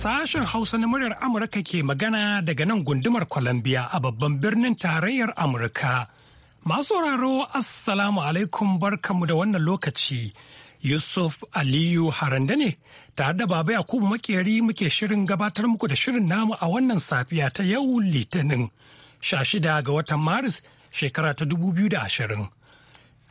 Sashen Hausa na muryar Amurka ke magana daga nan gundumar Columbia a babban birnin tarayyar Amurka. Masu sauraro Assalamu alaikum barkamu da wannan lokaci. Yusuf Aliyu Haranda ne tare da Baba Yakubu Makeri muke shirin gabatar muku da shirin namu a wannan safiya ta yau Litinin sha shida ga watan Maris shekara ta dubu biyu da ashirin.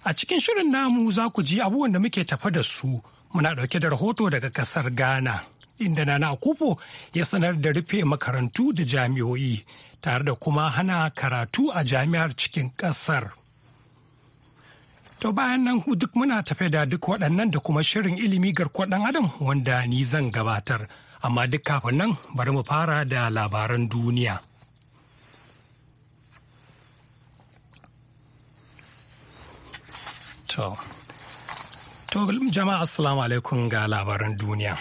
A cikin shirin namu za ku ji abubuwan da muke tafa da su muna ɗauke da rahoto daga ƙasar Ghana. inda Nana Akufo ya sanar da rufe makarantu da jami'o'i tare da kuma hana karatu a jami'ar cikin ƙasar. To bayan nan duk muna tafe da duk waɗannan da kuma shirin ilimi garkuwar ɗan adam wanda ni zan gabatar. Amma duk kafin nan bari mu fara da labaran duniya. To, jama'a assalamu alaikum ga labaran duniya.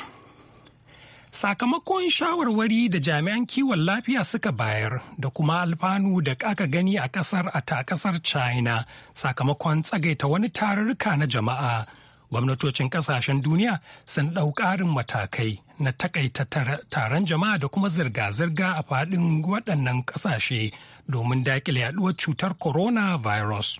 Sakamakon shawarwari da jami'an kiwon lafiya suka bayar da kuma alfanu da aka gani a kasar a ta kasar China sakamakon tsagaita wani tarurruka na jama'a. Gwamnatocin kasashen duniya sun ɗau ƙarin matakai na takaita taron jama'a da kuma zirga-zirga a faɗin waɗannan ƙasashe domin daƙile yaɗuwar cutar coronavirus.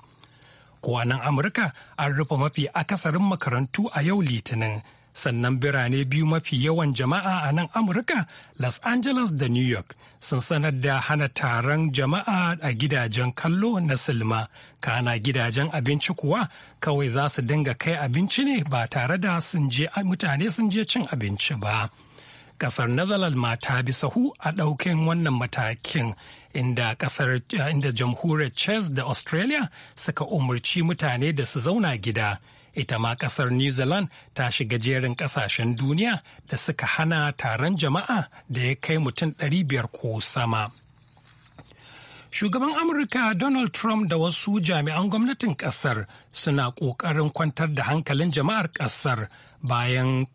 virus nan Amurka an rufe mafi akasarin makarantu a yau Litinin. sannan birane biyu mafi yawan jama'a a nan amurka los angeles da new york sun sanar da hana taron jama'a a gidajen kallo na silma kana gidajen abinci kuwa kawai za su dinga kai abinci ne ba tare da mutane sun je cin abinci ba. kasar Netherlands ma ta bi sahu a ɗaukin wannan matakin inda kasar inda jamhuriyar Chess da Australia suka umarci mutane da su zauna gida. Ita ma kasar New Zealand ta shiga jerin kasashen duniya da suka hana taron jama'a da ya kai mutum 500 ko sama. shugaban amurka donald trump da wasu jami'an gwamnatin kasar suna ƙoƙarin kwantar da hankalin jama'ar kasar bayan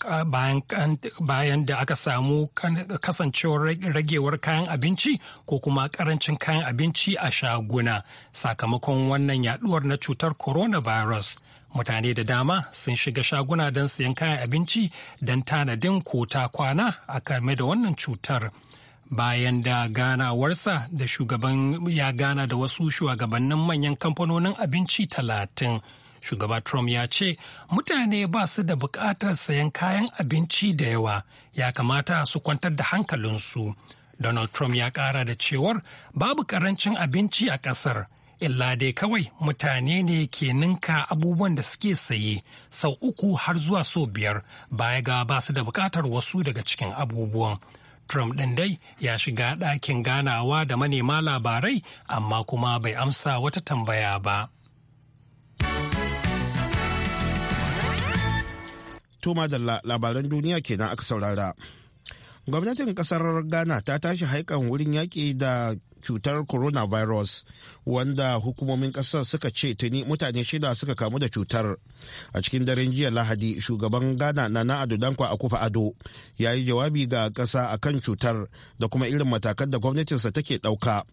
da aka samu kasancewar ragewar kayan abinci ko kuma karancin kayan abinci a shaguna sakamakon wannan yaduwar na cutar coronavirus mutane da dama sun shiga shaguna don siyan kayan abinci don tanadin ko ta kwana a kame da wannan cutar bayan da ganawarsa da shugaban ya gana da wasu shugabannin manyan kamfanonin abinci talatin. shugaba trump ya ce mutane ba su da buƙatar sayan kayan abinci da yawa ya kamata su kwantar da hankalinsu donald trump ya ƙara da cewar babu ƙarancin abinci a ƙasar illa dai kawai mutane ne ke ninka abubuwan da suke saye sau uku har zuwa so biyar baya ga ba su da buƙatar wasu daga cikin abubuwan Trump ɗin dai ya shiga ɗakin ganawa da manema labarai amma kuma bai amsa wata tambaya ba. Toma da labaran duniya kenan aka saurara. Gwamnatin kasar Ghana ta tashi haikan wurin yaƙi da cutar coronavirus wanda hukumomin kasar suka ce tuni mutane shida suka kamu da cutar. A cikin daren jiya Lahadi, shugaban Ghana na Ado Dankwa Akufa Ado ya yi jawabi ga ƙasa kan cutar da kuma irin matakan da gwamnatinsa take ɗauka.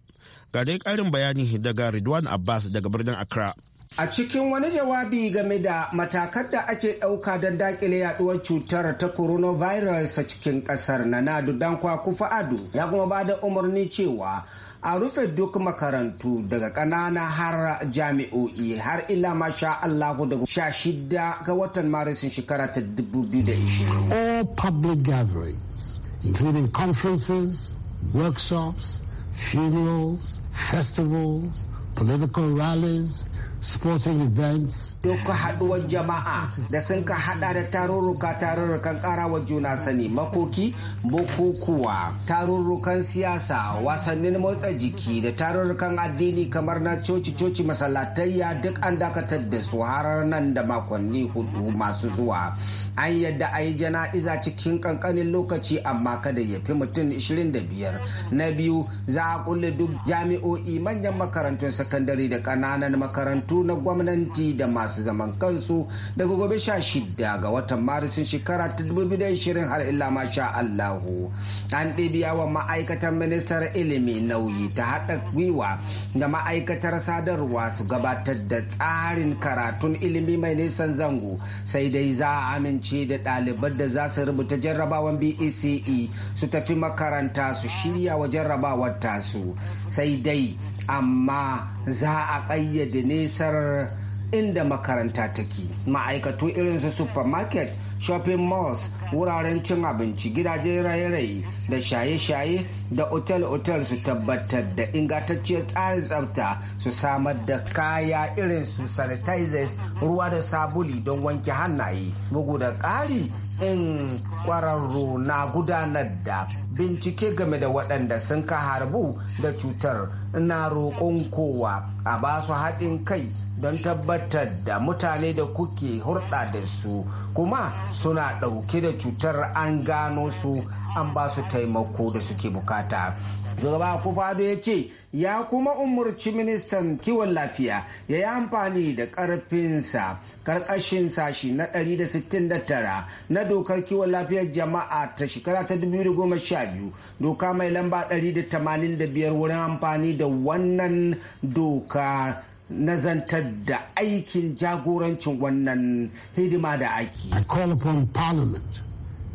Ga dai ƙarin bayani daga Ridwan Abbas daga birnin Accra. A cikin wani jawabi game da matakan da ake ɗauka don dakile yaduwar cutar ta coronavirus a cikin ƙasar na Nadu Dankwa Kufa Ado ya kuma ba da umarni cewa a rufe duk makarantu daga ƙanana har jami'o'i har ila masha Allahu daga sha shida ga watan maris shekara ta 2020. All public gatherings, including conferences, workshops, funerals, festivals, political rallies, sporting events. Doka haɗuwar jama'a da sun ka haɗa da tarurruka tarurrukan ƙarawa juna sani makoki bukukuwa tarurrukan siyasa wasannin motsa jiki da tarurrukan addini kamar na coci-coci masallatayya duk an dakatar da su har nan da makonni hudu masu zuwa. an yadda a yi jana'iza cikin kankanin lokaci amma kada ya fi mutum 25 na biyu za a kulle duk jami'o'i manyan makarantun sakandare da kananan makarantu na gwamnati da masu zaman kansu daga gobe 16 ga watan marisun shekara ta 2020 har illa ma sha allahu an ɗibiya wa ma'aikatan ministar ilimi nauyi ta haɗa gwiwa da ma'aikatar sadarwa su gabatar da tsarin karatun ilimi mai nisan zango sai dai za a amince ce da ɗaliban da za su rubuta jarrabawan BECE e su tafi makaranta su shirya wa jarrabawar tasu sai dai amma za a ƙayyade nesar inda makaranta take ma'aikatu irin su supermarket shopping malls wuraren cin abinci gidajen raye-raye da shaye-shaye da otel-otel su tabbatar da ingantacciyar tsarin tsafta su samar da kaya irin su sanitizers ruwa da sabuli don wanke hannaye bugu da ƙari ɗin ƙwararru na gudanar da bincike game da waɗanda sun ka harbu da cutar na roƙon kowa a ba su haɗin kai don tabbatar da mutane da kuke hurɗa da su kuma suna ɗauke da cutar an gano su an ba su taimako da suke bukata shugaba kufado ya ce ya kuma umarci ministan kiwon lafiya ya yi amfani da karfinsa karkashin sashi na 169 na dokar kiwon lafiyar jama'a ta shekara ta 2012 doka mai lamba 185 wurin amfani da wannan doka nazantar da aikin jagorancin wannan hidima da aiki. I call upon Parliament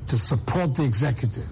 to support the executive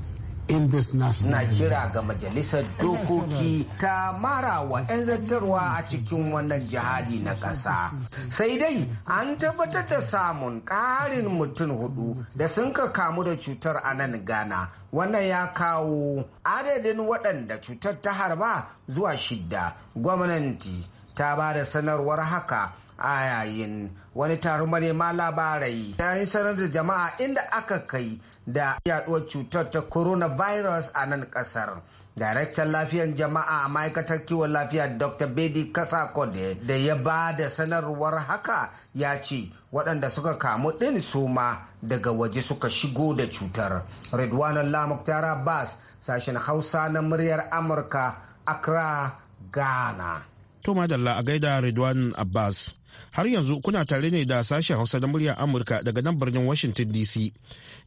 na kira ga majalisar dokoki ta mara wa 'yan zartarwa a cikin wannan jihadi na ƙasa sai dai an tabbatar da samun ƙarin mutum hudu da sun ka kamu da cutar a nan ghana wannan ya kawo adadin waɗanda cutar ta harba zuwa shidda gwamnati ta ba da sanarwar haka a yayin wani taron manema labarai ya yi sanar da jama'a inda aka kai da yaduwar cutar ta coronavirus a nan kasar daraktan lafiyan jama'a a ma'aikatar kiwon lafiya dr bedi kasakode da ya ba da sanarwar haka ya ce waɗanda suka kamu ɗin suma daga waje suka shigo da cutar redwanan lamuktara bas sashen hausa na muryar amurka accra ghana to madalla a gaida redwan abbas Har yanzu kuna tare ne da sashen Hausa na muryar Amurka daga nan birnin Washington DC.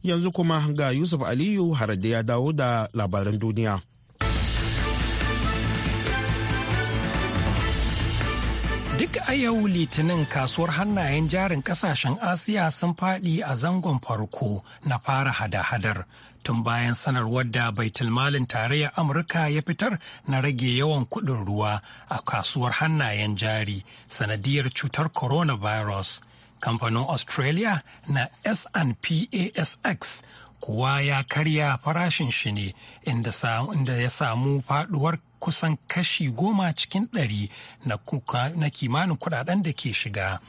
Yanzu kuma ga Yusuf Aliyu har da ya dawo da labaran duniya. Duk a yau Litinin kasuwar hannayen jarin kasashen Asiya sun faɗi a zangon farko na fara hada-hadar tun bayan sanarwar da baitulmalin tarayyar Amurka ya fitar na rage yawan kuɗin ruwa a kasuwar hannayen jari sanadiyar cutar coronavirus. Kamfanin Australia na SNPASX kuwa ya karya farashin shi ne inda ya samu faduwar kusan kashi goma cikin ɗari na kimanin kudaden da ke shiga.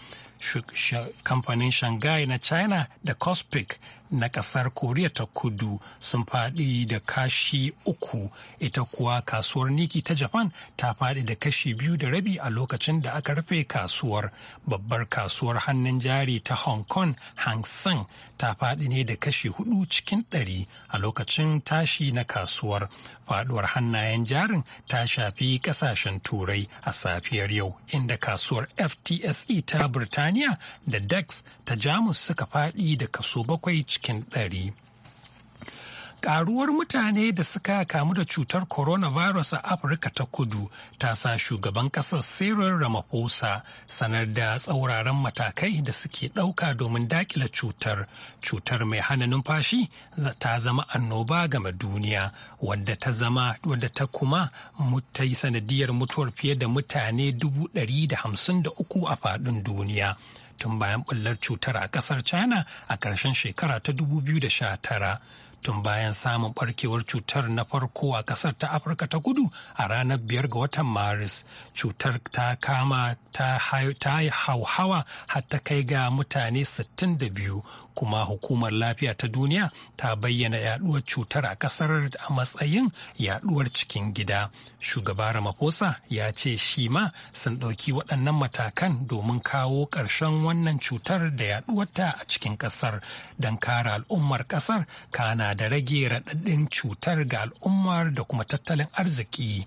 kamfanin shanghai na china da cospic na kasar koriya ta kudu sun faɗi da kashi uku ita kuwa kasuwar niki ta japan ta faɗi da kashi biyu da rabi a lokacin da aka rufe kasuwar babbar kasuwar hannun jari ta hong kong hang seng ta faɗi ne da kashi hudu cikin ɗari a lokacin tashi na kasuwar faduwar hannayen jarin ta shafi kasashen turai a safiyar yau inda kasuwar ftse ta birtaniya da dex ta jamus suka faɗi da kaso bakwai cikin ɗari. Karuwar mutane da suka kamu da cutar coronavirus a Afirka ta kudu ta sa shugaban kasar Cyril Ramaphosa sanar da tsauraran matakai da suke ɗauka domin dakila cutar. Cutar mai hana numfashi ta zama annoba game duniya wadda ta zama wadda ta kuma ta sanadiyar mutuwar fiye da mutane dubu ɗari da hamsin da uku a faɗin duniya. tun bayan ɓullar cutar a ƙasar china a ƙarshen shekara ta 2019 tun bayan samun barkewar cutar na farko a kasar ta afirka ta kudu a ranar biyar ga watan maris cutar ta kama ta hauhawa hatta kai ga mutane 62 kuma hukumar lafiya ta duniya ta bayyana yaduwar cutar a kasar a matsayin yaduwar cikin gida shugaba ramaphosa ya ce shi ma sun ɗauki waɗannan matakan domin kawo ƙarshen wannan cutar da yaduwarta a cikin kasar don kare al'ummar kasar kana da rage raɗaɗin cutar ga al'ummar da kuma tattalin arziki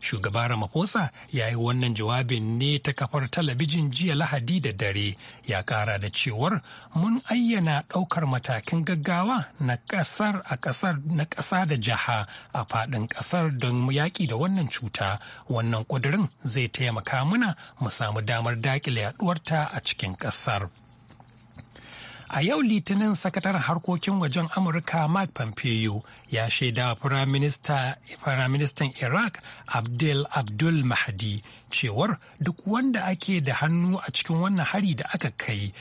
Shugaba Ramaphosa ya yi wannan jawabin ne ta kafar talabijin jiya Lahadi da dare ya kara da cewar mun ayyana ɗaukar matakin gaggawa na ƙasar a ƙasar na ƙasa da jiha a faɗin ƙasar don yaƙi da wannan cuta wannan ƙudurin zai taimaka mana mu samu damar daƙile yaɗuwarta a cikin ƙasar. A yau Litinin sakataren harkokin wajen Amurka Mike Pompeo ya shaida Firaministan Iraq Abdel Abdul Mahdi cewar duk wanda ake da hannu a cikin wannan hari da aka kai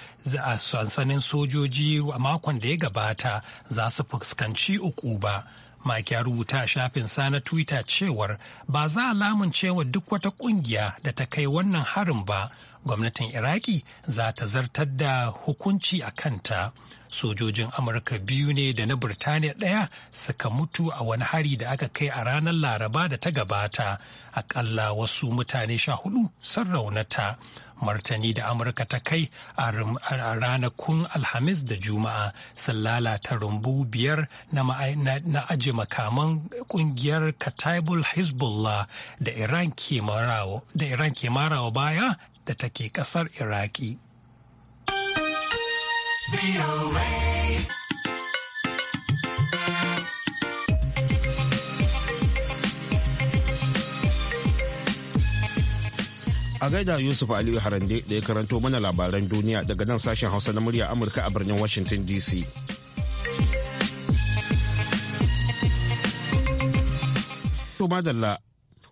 a sansanin sojoji a makon da ya gabata za su fuskanci uku ba. Mike rubuta a shafinsa na Twitter cewar ba za a lamuncewa duk wata kungiya da ta kai wannan harin ba, gwamnatin Iraki za ta zartar da hukunci a kanta. Sojojin Amurka biyu ne da na Birtaniya ɗaya suka mutu a wani hari da aka kai a ranar Laraba da ta gabata, akalla wasu mutane sha hudu sun raunata. martani da amurka ta kai a ranakun alhamis da juma'a sun lalata rumbu biyar na aje makaman kungiyar kataibul hezbollah da iran ke marawa baya da take kasar iraki. A gaida Yusuf Aliyu Harande da ya karanto mana labaran duniya daga nan sashen Hausa na murya Amurka a birnin Washington DC. To madalla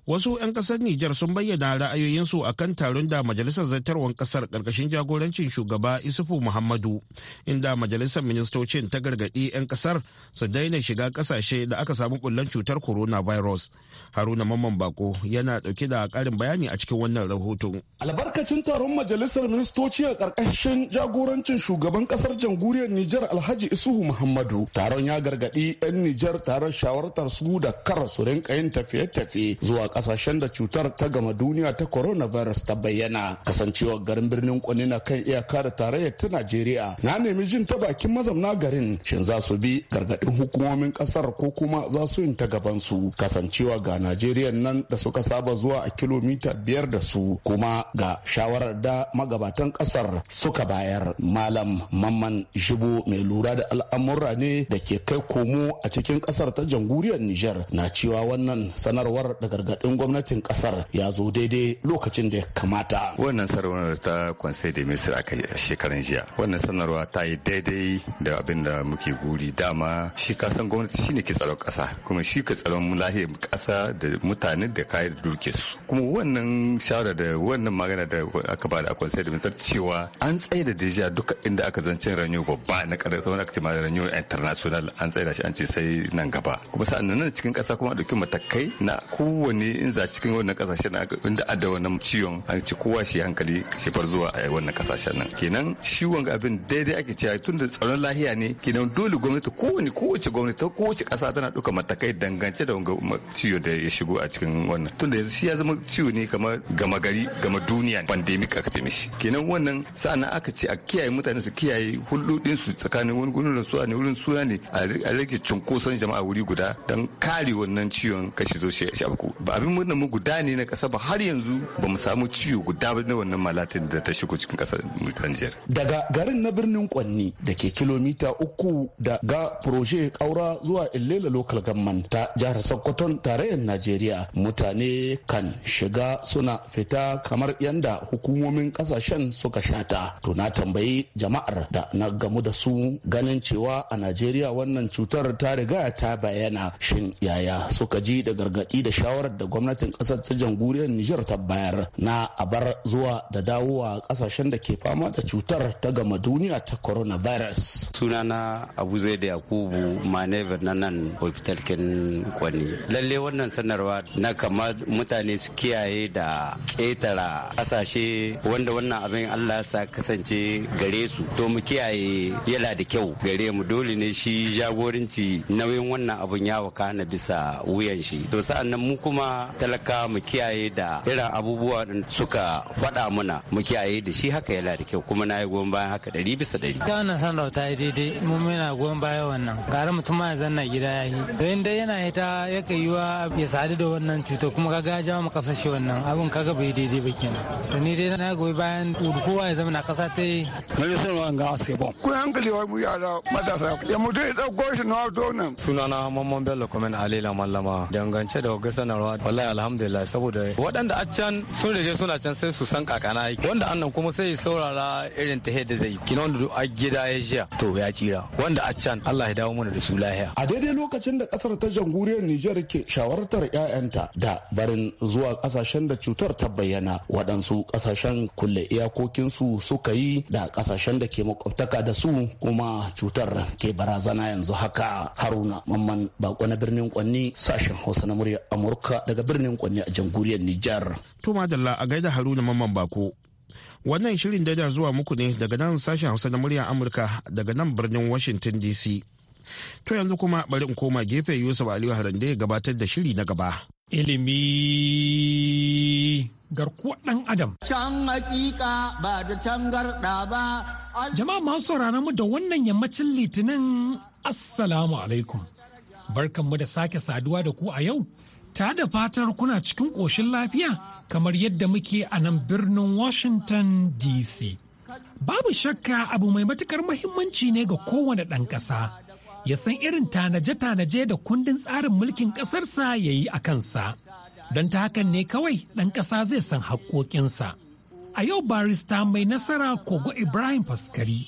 Wasu 'yan kasar Nijar sun bayyana ra'ayoyinsu a kan taron da Majalisar Zartarwar kasar ƙarƙashin jagorancin shugaba Isufu Muhammadu, inda Majalisar Ministocin ta gargaɗi 'yan kasar su daina shiga ƙasashe da aka samu ɓullan cutar coronavirus. Haruna Mamman Bako yana ɗauke da ƙarin bayani a cikin wannan rahoton. Albarkacin taron Majalisar Ministoci a ƙarƙashin jagorancin shugaban ƙasar jamhuriyar Nijar Alhaji Isuhu Muhammadu. Taron ya gargaɗi 'yan Nijar taron shawartar su da kar su rinka yin tafiye-tafiye zuwa kasashen da cutar ta gama duniya ta coronavirus ta bayyana kasancewar garin birnin kwani na kan iyaka da tarayyar ta najeriya na nemi jin ta bakin mazauna garin shin za su bi gargadin hukumomin kasar ko kuma za su yin ta gaban su kasancewa ga najeriya nan da suka saba zuwa a kilomita biyar da su kuma ga shawarar da magabatan kasar suka bayar malam mamman shibo mai lura da al'amura ne da ke kai komo a cikin kasar ta jamhuriyar niger na cewa wannan sanarwar da gargadin din gwamnatin kasar ya zo daidai lokacin da ya kamata wannan sanarwar ta kwansai da misir aka shekaran jiya wannan sanarwa ta yi daidai da abin da muke guri dama shi kasan gwamnati shine ke tsaron kasa kuma shi ka tsaron lahiyar kasa da mutane da kayan da duke su kuma wannan shawara da wannan magana da aka ba da kwansai da misir cewa an tsaye da deja duka inda aka zancen ranyo babba na kada sauran aka ce ma ranyo international an tsaye da shi an ce sai nan gaba kuma sa'an nan cikin kasa kuma a dauki matakai na kowane in za cikin wannan kasashen na inda adda wannan ciwon an ci kowa shi hankali shi far zuwa a wannan kasashen nan kenan shi wanga abin daidai ake cewa tun da tsaron lahiya ne kenan dole gwamnati kowane kowace gwamnati ta kowace kasa tana ɗauka matakai dangance da wanga ciwo da ya shigo a cikin wannan tun da shi ya zama ciwo ne kamar gama gari gama duniya pandemic aka ce mishi kenan wannan sa'ana aka ce a kiyaye mutane su kiyaye hulɗoɗin su tsakanin wani gurin rasuwa ne wurin suna ne a rage cunkoson jama'a wuri guda don kare wannan ciwon kashi zo shi abu ba abin mu guda ne na kasa ba har yanzu ba mu samu ciwo guda ba na wannan malatin da ta shigo cikin kasa ta Nijar. Daga garin na birnin Kwanni da ke kilomita uku da ga proje kaura zuwa Illela Local Government ta jihar Sokoton tarayyar Najeriya mutane kan shiga suna fita kamar yanda hukumomin kasashen suka shata. To na tambayi jama'ar da na gamu da su ganin cewa a Najeriya wannan cutar ta riga ta bayyana shin yaya suka ji da gargaɗi da shawarar da gwamnatin kasar ta jamhuriyar Nijar ta bayar na a bar zuwa da dawowa kasashen da ke fama da cutar ta gama duniya ta coronavirus. Sunana Abu da Yakubu Manever na nan hospital kin kwani. Lalle wannan sanarwa na kama mutane su kiyaye da ƙetara kasashe wanda wannan abin Allah sa kasance gare su. To mu kiyaye yana da kyau gare mu dole ne shi jagoranci nauyin wannan abin ya wakana bisa wuyan shi. To sa'an nan mu kuma talaka mu kiyaye da irin abubuwa din suka faɗa muna mu kiyaye da shi haka yana da kyau kuma na yi goyon bayan haka ɗari bisa ɗari. ta wannan san rauta ya daidai mun muna goyon bayan wannan gara mutum ma ya zanna gida ya yi to dai yana yi ta ya kai yiwa ya sadu da wannan cuta kuma kaga ya jawo mu shi wannan abin kaga bai daidai ba kenan to ni dai na goyi bayan kowa ya zama na kasa ta yi. na yi sanarwa a sebon. ku hankali wa mu yara matasa ya mutu ya ɗauko shi na wato nan. sunana mamman bello kuma na alela mallama dangance da wagga sanarwa wallahi alhamdulillah saboda waɗanda a can sun rage suna can sai su san kakana wanda annan kuma sai saurara irin ta da zai kina wanda a gida ya jiya to ya tsira wanda a can Allah ya dawo mana da su lahiya a daidai lokacin da kasar ta jamhuriyar Nijar ke shawartar ƴaƴanta da barin zuwa kasashen da cutar ta bayyana waɗansu kasashen kulle iyakokin su suka yi da kasashen da ke makwabtaka da su kuma cutar ke barazana yanzu haka haruna mamman bako na birnin kwanni sashen hausa na murya amurka daga birnin kwanne a jamhuriyar Nijar. To madalla a gaida Haruna Mamman Bako. Wannan shirin daidai zuwa muku ne daga nan sashen Hausa na muryar Amurka daga nan birnin Washington DC. To yanzu kuma bari in koma gefe Yusuf Aliyu Harande gabatar da shiri na gaba. Ilimi garkuwa ɗan Adam. Can hakika ba da tangarɗa ba. Jama'a masu sauraron mu da wannan yammacin litinin Assalamu alaikum. Barkanmu da sake saduwa da ku a yau ta da fatar kuna cikin ƙoshin lafiya kamar yadda muke a nan birnin Washington DC. Babu shakka abu mai matukar muhimmanci ne ga kowane ɗan ƙasa. Ya san irin tanaje-tanaje da kundin tsarin mulkin ƙasarsa ya yi a kansa. Don ta hakan ne kawai ɗan ƙasa zai san haƙƙoƙinsa. A yau barista mai nasara Kogo Ibrahim Faskari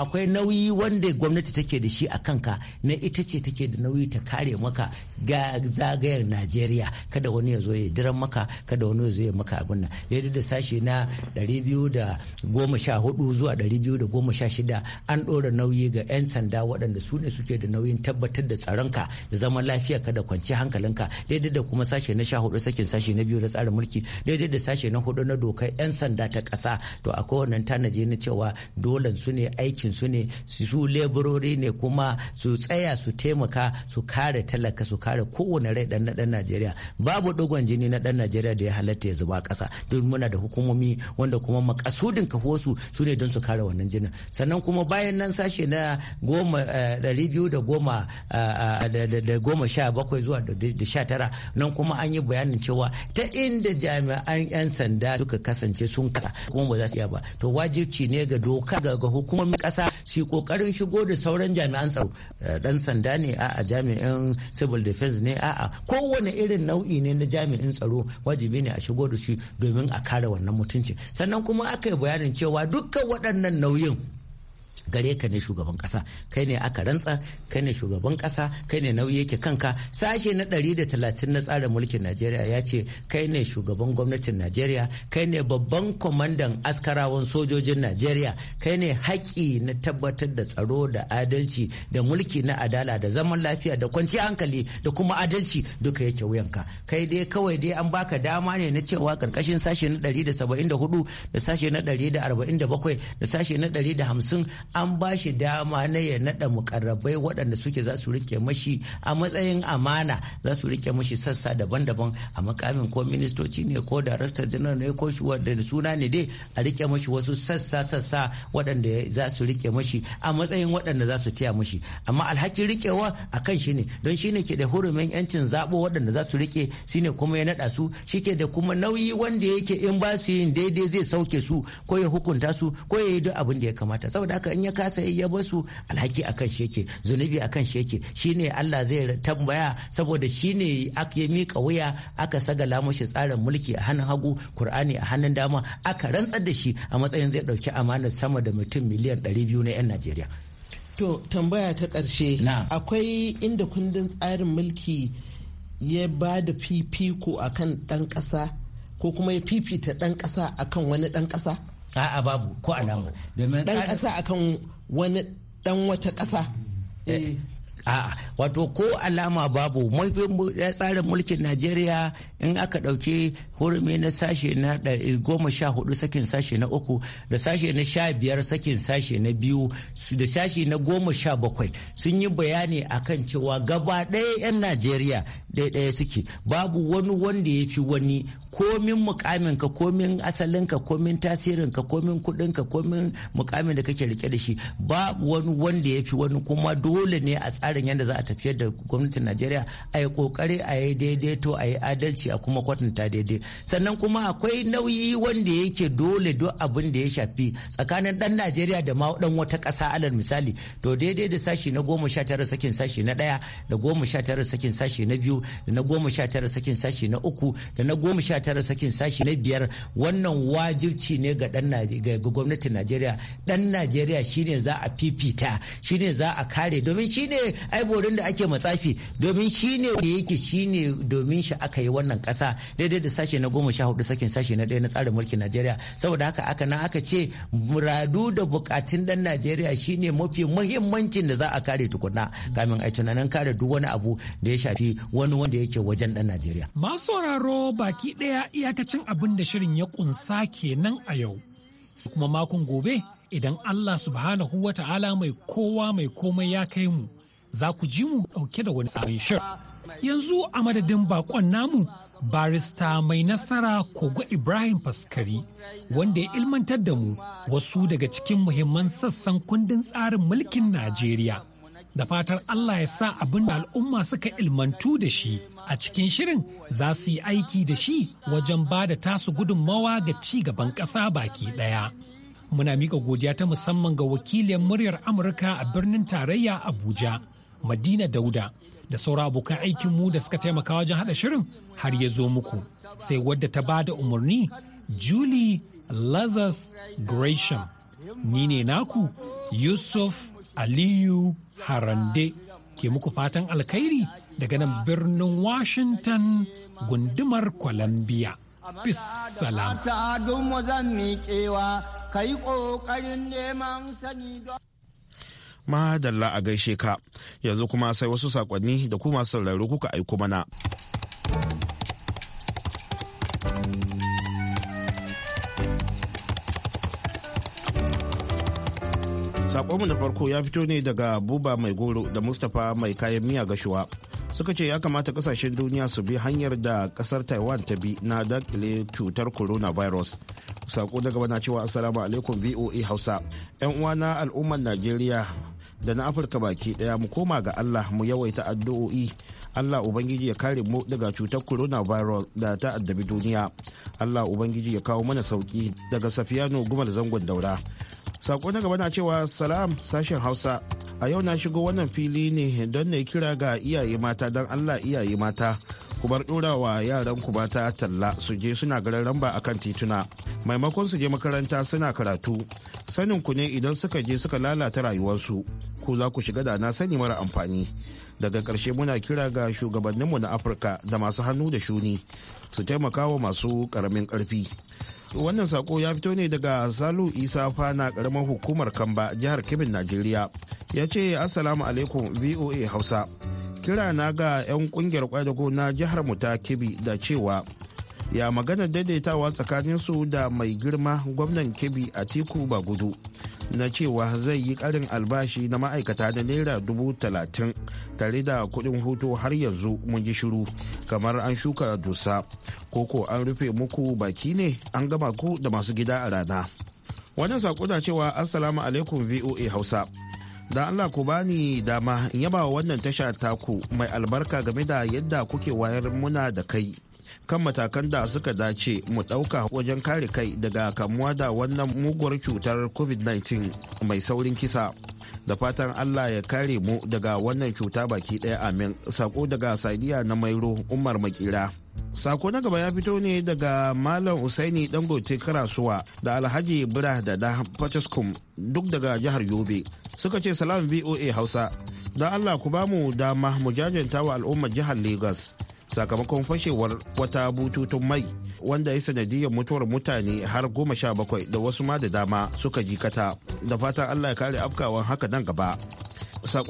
akwai nauyi wanda gwamnati take da shi a kanka na ita ce take da nauyi ta kare maka ga zagayar najeriya kada wani ya zo ya diran maka kada wani ya zo ya maka abin nan daidai da sashi na 214 zuwa 216 an ɗora nauyi ga 'yan sanda waɗanda su ne suke da nauyin tabbatar da tsaronka da zaman lafiya kada kwanci hankalinka daidai da kuma sashe na 14 sakin sashe na biyu na tsarin mulki daidai da sashe na hudu na dokar 'yan sanda ta kasa to akwai wannan tanaji na cewa dole su ne aikin gwamnatin su ne su leburori ne kuma su tsaya su taimaka su kare talaka su kare kowane rai dan dan Najeriya babu dogon jini na dan Najeriya da ya halatta ya zuba kasa don muna da hukumomi wanda kuma makasudin kafosu su ne don su kare wannan jinin sannan kuma bayan nan sashe na goma eh, ɗari biyu da goma eh, eh, da goma sha bakwai zuwa da sha tara nan kuma an yi bayanin cewa ta inda jami'an 'yan sanda suka kasance sun kasa kuma ba za su iya ba to wajibci ne ga doka ga hukumomin kasa ƙasa su ƙoƙarin shigo da sauran jami'an tsaro eh, ɗan sanda ne a'a jami'in civil defense ne a'a kowane irin nau'i ne na jami'in tsaro wajibi ne a shigo da shi domin a kare wannan mutunci sannan kuma aka yi bayanin cewa dukkan waɗannan nauyin gare ka ne shugaban kasa kai ne aka rantsa kai ne shugaban kasa kai ne nauyi yake kanka sashe na 130 na tsarin mulkin najeriya ya ce kai ne shugaban gwamnatin najeriya kai ne babban kwamandan askarawan sojojin najeriya kai ne haƙƙi na tabbatar da tsaro da adalci da mulki na adala da zaman lafiya da kwanciyar hankali da kuma adalci duka yake wuyanka kai dai kawai dai an baka dama ne na cewa karkashin sashe na 174 da sashe na 147 da sashe na 150 an ba shi dama na ya naɗa mukarrabai waɗanda suke za su rike mashi a matsayin amana za su rike mashi sassa daban-daban a makamin ko ministoci ne ko darakta janar ne ko da suna ne dai a rike mashi wasu sassa-sassa waɗanda za su rike mashi a matsayin waɗanda za su taya mashi amma alhakin rikewa a kan shi ne don shi ne ke da hurumin yancin zaɓo waɗanda za su rike shi ne kuma ya naɗa su shi ke da kuma nauyi wanda yake in ba su yin daidai zai sauke su ko ya hukunta su ko ya yi duk abin da ya kamata saboda haka in ya ya kasa yi ya basu alhaki akan shi yake zunubi akan shi yake shine Allah zai tambaya saboda shine ya mika wuya aka sagala mashi tsarin mulki a hannun hagu Kur'ani a hannun dama aka rantsar da shi a matsayin zai dauki amanar sama da mutum miliyan 200 na 'yan Najeriya. To tambaya ta karshe akwai inda kundin tsarin mulki ya ba da fifiko akan dan kasa ko kuma ya fifita dan kasa akan wani dan kasa. a'a babu ko alama domin dan kasa akan wani dan wata ƙasa. Eh, eh. a'a wato ko alama babu tsarin mulkin najeriya in aka ɗauki hurumi na sashe na goma sha hudu sakin sashe na uku da sashe na sha biyar sakin sashe na biyu da sashe na goma sha bakwai sun yi bayani akan cewa gaba ɗaya 'yan najeriya ɗaya suke babu wani wanda ya fi wani komin mukaminka komin asalinka komin tasirinka komin kudinka komin mukamin da kake rike da shi babu wani wanda ya fi wani kuma dole ne a tsarin tsarin yadda za a tafiyar da gwamnatin najeriya a yi kokari a yi daidaito a yi adalci a kuma kwatanta daidai sannan kuma akwai nauyi wanda yake dole duk abin da ya shafi tsakanin dan najeriya da ma dan wata ƙasa alal misali to daidai da sashi na goma sha tara sakin sashi na ɗaya da goma sha tara sakin sashi na biyu da na goma sha tara sakin sashi na uku da na goma sha tara sakin sashi na biyar wannan wajibci ne ga dan gwamnatin najeriya dan najeriya shine za a fifita shine za a kare domin shine ai borin da ake matsafi domin shine da yake shine domin shi aka yi wannan kasa daidai da sashe na goma sha hudu sakin sashe na ɗaya na tsarin mulkin Najeriya saboda haka aka na aka ce muradu da bukatun dan Najeriya shine mafi muhimmancin da za a kare tukuna kamin a tunanin kare duk wani abu da ya shafi wani wanda yake wajen dan Najeriya. Masu sauraro baki ɗaya iyakacin abin da shirin ya kunsa kenan a yau. Kuma makon gobe idan Allah subhanahu wa ta'ala mai kowa mai komai ya kai mu za ku ji mu ɗauke da wani sabon shir. Yanzu a madadin bakon namu barista mai nasara kogo Ibrahim Faskari wanda ya ilmantar da mu wasu daga cikin muhimman sassan kundin tsarin mulkin Najeriya. Da fatar Allah ya sa abin da al'umma suka ilmantu da shi a cikin shirin za su yi aiki da shi wajen ba da tasu gudunmawa ga ci gaban ƙasa baki ɗaya. Muna miƙa godiya ta musamman ga wakilin muryar Amurka a birnin tarayya Abuja. madina dauda da sauran abokan mu da suka taimaka wajen haɗa shirin har ya zo muku sai wadda ta ba da umarni julie lazarus gresham ni ne naku yusuf aliyu harande ke muku fatan alkhairi daga nan birnin washington gundumar columbia zan salam kai ƙoƙarin neman sani don madalla a gaishe ka yanzu kuma sai wasu sakonni da kuma sauraro kuka aiko mana sakonmu na farko ya fito ne daga buba mai goro da mustapha mai kayan miya gashuwa suka ce ya kamata kasashen duniya su bi hanyar da kasar taiwan ta bi na dakile cutar coronavirus sako daga na cewa assalamu alaikum voa hausa yan uwana al'ummar najeriya da na afirka baki daya mu koma ga allah mu yawaita addu'o'i allah ubangiji ya kare mu daga cutar coronavirus da ta addabi duniya allah ubangiji ya kawo mana sauki daga safiyano gumal zangon daura sako na gaba na cewa salam sashen hausa a yau na shigo wannan fili ne don na kira ga iyaye mata don allah iyaye mata ku bar ɗorawa yaran ku ba ta talla su je suna garin ramba akan tituna maimakon su je makaranta suna karatu sanin ku ne idan suka je suka lalata rayuwarsu ku za ku shiga da na sani mara amfani daga ƙarshe muna kira ga shugabanninmu na afirka da masu hannu da shuni su taimaka wa masu ƙaramin ƙarfi wannan sako ya fito ne daga salu isa fana ƙaramin hukumar kamba jihar kebin najeriya ya ce assalamu alaikum voa hausa kira na ga 'yan kungiyar kwadago na jihar mu ta kibi da cewa ya magana daidaitawa tsakanin su da mai girma gwamnan kibi a tiku ba gudu na cewa zai yi karin albashi na ma'aikata da naira dubu talatin tare da kudin hutu har yanzu mun ji shiru kamar an shuka dusa koko an rufe muku baki ne an gama ku da masu gida a rana wannan saƙo da cewa assalamu alaikum voa hausa da Allah ku bani dama in yaba wannan tasha taku mai albarka game da yadda kuke wayar muna da kai kan matakan da suka dace mu ɗauka wajen kare kai daga kamuwa da wannan muguwar cutar covid-19 mai saurin kisa da fatan allah ya kare mu daga wannan cuta baki ɗaya amin sako daga sadiya na mairo umar makira Sako na gaba ya fito ne daga Malam Usaini Dangote Karasuwa da Alhaji bura da da duk daga jihar Yobe. Suka ce salam VOA Hausa. Don Allah ku bamu dama mu jajanta wa al'ummar jihar lagos Sakamakon fashewar wata bututun mai wanda ya sanadiyar mutuwar mutane har goma sha bakwai da wasu ma da dama suka jikata. Da fatan Allah ya kare afkawan haka nan gaba.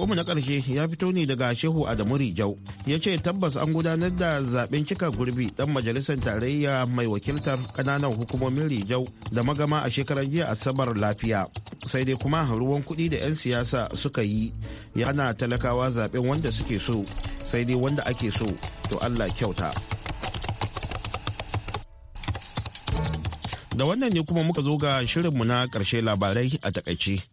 mu na ƙarshe ya fito ne daga shehu adamu rijau ya ce tabbas an gudanar da zaben cika gurbi dan majalisar tarayya mai wakiltar ƙananan hukumomin rijau da magama a shekarar jiya asabar lafiya sai dai kuma ruwan kuɗi da 'yan siyasa suka yi yana talakawa zaben wanda suke so sai dai wanda ake so to allah kyauta da wannan ne kuma muka zo ga shirinmu na ƙarshe labarai a takaice.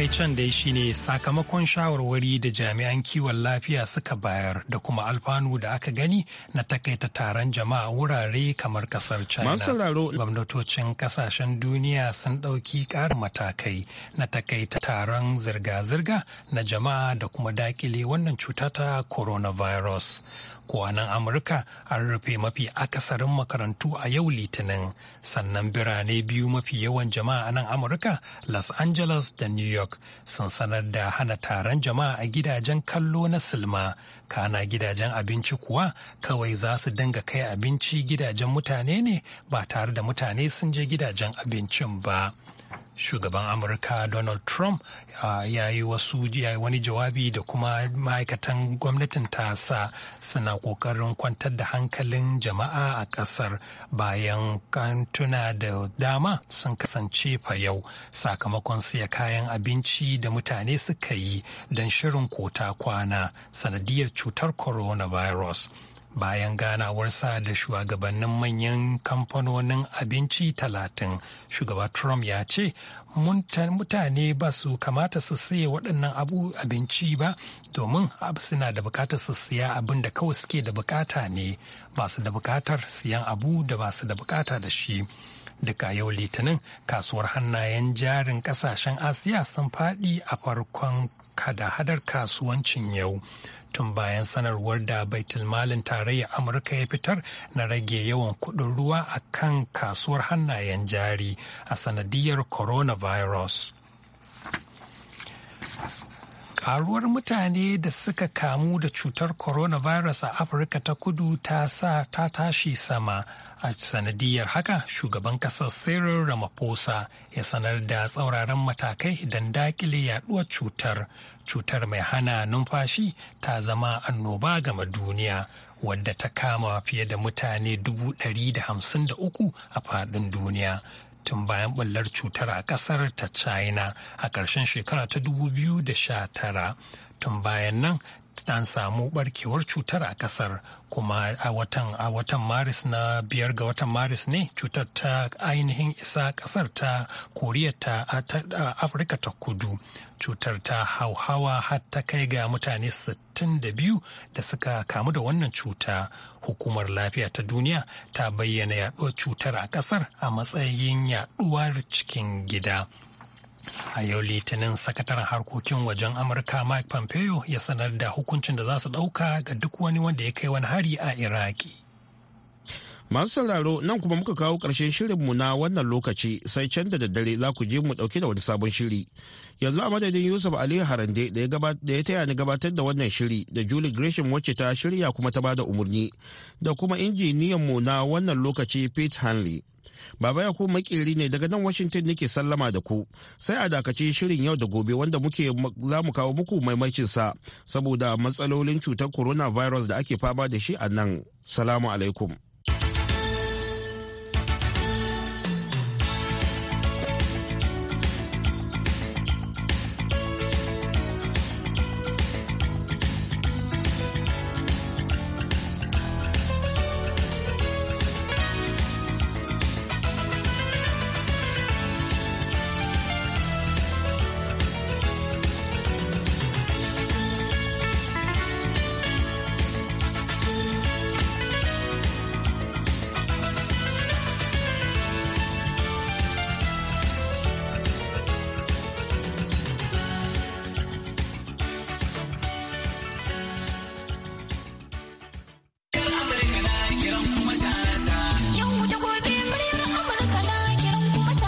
takaicen dai shine sakamakon shawarwari da jami'an kiwon lafiya suka bayar da kuma alfanu da aka gani na takaita taron jama'a wurare kamar kasar china gwamnatocin kasashen duniya sun ɗauki ƙarin matakai na takaita taron zirga-zirga na jama'a da kuma dakile wannan cuta ta coronavirus Kuwa nan amurka an rufe mafi akasarin makarantu a yau litinin sannan birane biyu mafi yawan jama'a a nan amurka los angeles da new york sun sanar da hana taron jama'a a gidajen kallo na silma kana gidajen abinci kuwa kawai za su dinga kai abinci gidajen mutane ne ba tare da mutane sun je gidajen abincin ba. shugaban amurka donald trump uh, ya yi wasu wani jawabi da kuma ma'aikatan gwamnatin ta sa suna kokarin kwantar da hankalin jama'a a kasar bayan kantuna da dama sun kasance fa yau sakamakon siya kayan abinci da mutane suka yi don shirin kota kwana sanadiyar cutar coronavirus. bayan ganawar sa da shugabannin manyan kamfanonin abinci talatin shugaba trump ya ce mutane ba su kamata su siya waɗannan abu abinci ba domin suna da bukatar su siya abin da kawai suke da bukata ne ba su da bukatar siyan abu da ba su da bukata da shi duka yau litinin kasuwar hannayen jarin kasashen asiya sun faɗi a farkon kada-hadar kasuwancin yau tun bayan sanarwar da baitulmalin tarayya amurka ya fitar na rage yawan kuɗin ruwa a kan kasuwar hannayen jari a sanadiyar coronavirus karuwar mutane da suka kamu da cutar coronavirus a afirka ta kudu ta sa ta tashi sama a sanadiyar haka shugaban kasar cyril ramaphosa ya sanar da tsauraran matakai don dakile yaduwar cutar cutar mai hana numfashi ta zama annoba gama duniya wadda ta kama fiye da mutane 153 a faɗin duniya tun bayan bullar cutar a ƙasar ta china a ƙarshen shekara ta 2019 tun bayan nan an samu barkewar cutar a kasar kuma a watan a watan maris na biyar ga watan maris ne cutar ta ainihin isa kasar ta koriya ta afirka ta kudu cutar ta hauhawa har ta kai ga mutane 62 da suka kamu da wannan cuta hukumar lafiya ta duniya ta bayyana yaɗuwar cutar a kasar a matsayin yaɗuwar cikin gida A yau Litinin sakataren harkokin wajen Amurka Mike Pompeo ya sanar da hukuncin da za su ɗauka ga duk wani wanda ya kai wani hari a Iraki. Masu sauraro nan kuma muka kawo ƙarshen shirinmu na wannan lokaci sai can da daddare za ku je mu ɗauke da wani sabon shiri. Yanzu a madadin Yusuf Ali Harande da ya taya ni gabatar da wannan shiri da Julie Gresham wacce ta shirya kuma ta bada umarni da kuma injiniyanmu na wannan lokaci Pete Hanley. Baba ya ku makeri ne daga nan Washington nake sallama da ku. Sai a dakace shirin yau da gobe wanda muke za mu kawo muku maimakin sa saboda matsalolin cutar coronavirus da ake fama da shi a nan. Salamu alaikum.